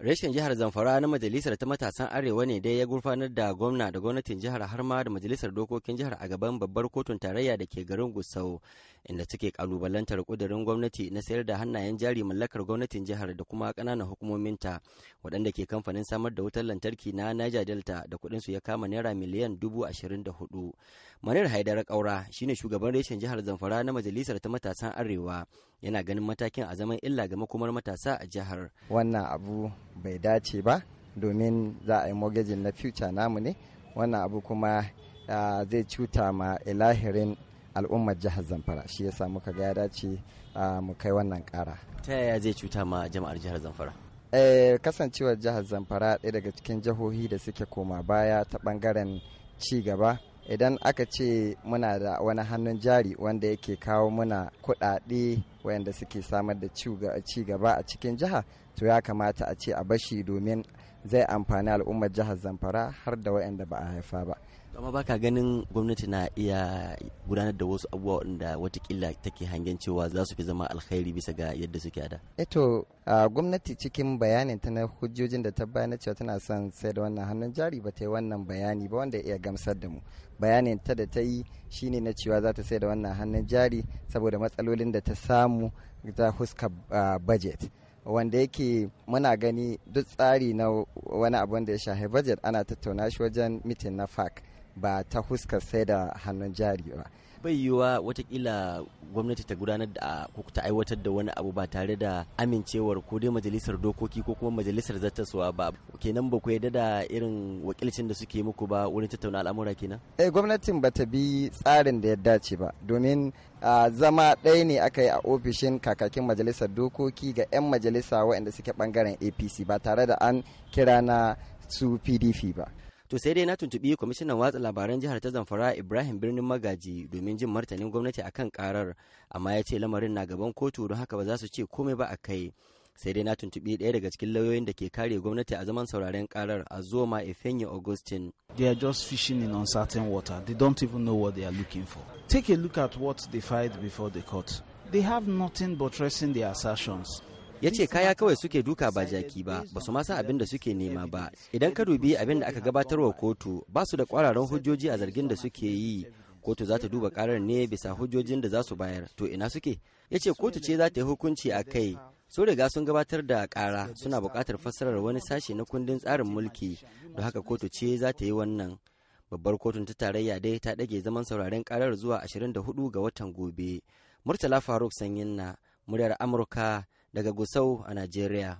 Reshen jihar Zamfara na Majalisar ta Matasan Arewa ne dai ya gurfanar da gwamna da gwamnatin jihar har ma da Majalisar Dokokin jihar a gaban babbar kotun tarayya da ke garin Gusau inda suke kalubalantar kudurin gwamnati na sayar da hannayen jari mallakar gwamnatin jihar da kuma kananan hukumominta waɗanda ke kamfanin samar da wutar lantarki na Niger Delta da kuɗin su ya kama naira miliyan dubu ashirin da hudu. Manir Haidar Kaura shine shugaban reshen jihar Zamfara na Majalisar ta Matasan Arewa yana ganin matakin a zaman illa ga makomar matasa a jihar. Wannan abu bai dace ba domin za a yi mortgaging na future namu ne wannan abu kuma zai cuta ma ilahirin al'ummar jihar zamfara shi yasa muka ga ya dace mu kai wannan kara ta yaya zai cuta ma jama'ar jihar zamfara eh, kasancewar jihar zamfara ɗaya daga cikin jihohi da suke koma baya ta ɓangaren ci gaba idan aka ce muna da wani hannun jari wanda yake kawo muna kuɗaɗe wayanda suke samar da ci gaba a cikin jiha to ya kamata a ce a bashi domin zai amfani al'ummar jihar zamfara har da wayanda ba a haifa ba amma baka ganin gwamnati na iya gudanar da wasu abubuwa waɗanda watakila take hangen cewa za su fi zama alkhairi bisa ga yadda suke da eto eh gwamnati cikin bayanin ta na hujjojin da ta bayyana cewa tana son sai da wannan hannun jari ba ta yi wannan bayani ba wanda iya gamsar da mu bayanin ta da ta yi shine na cewa za ta sai da wannan hannun jari saboda matsalolin da ta samu ta huska budget wanda yake muna gani duk tsari na wani abun da ya shahi budget ana tattauna shi wajen mitin na fac ba ta huskar sai da hannun jari ba bai yiwuwa watakila gwamnati ta gudanar da ko ta aiwatar da wani abu ba tare da amincewar ko dai majalisar dokoki ko kuma majalisar zattaswa ba kenan ba ku yadda da irin wakilcin da suke muku ba wurin tattauna al'amura kenan eh gwamnatin ba ta bi tsarin da ya dace ba domin zama ɗaya ne aka yi a ofishin kakakin majalisar dokoki ga 'yan majalisa waɗanda suke bangaren apc ba tare da an kira na su pdp ba to sai dai na tuntubi kwamishinan watsa labaran jihar ta zamfara ibrahim birnin magaji domin jin martanin gwamnati akan karar amma ya ce lamarin na gaban kotu don haka ba za su ce komai ba a kai sai dai na tuntubi ɗaya daga cikin lauyoyin da ke kare gwamnati a zaman sauraren karar a zoma efenye augustine they are just fishing in uncertain water they don't even know what they are looking for take a look at what they find before the court they have nothing but resting their assertions ya ce kaya kawai suke duka ba jaki ba ba su masa abin da suke nema ba idan ka dubi abin da aka gabatar wa kotu ba su da kwararan hujjoji a zargin da suke yi kotu za ta duba karar ne bisa hujjojin da za su bayar to ina suke ya ce kotu ce za ta yi hukunci a kai sun riga sun gabatar da kara suna bukatar fassarar wani sashe na kundin tsarin mulki don haka kotu ce za ta yi wannan babbar kotun ta tarayya dai ta dage zaman sauraren karar zuwa 24 ga watan gobe murtala faruk sanyin na muryar amurka daga Gusau a Najeriya.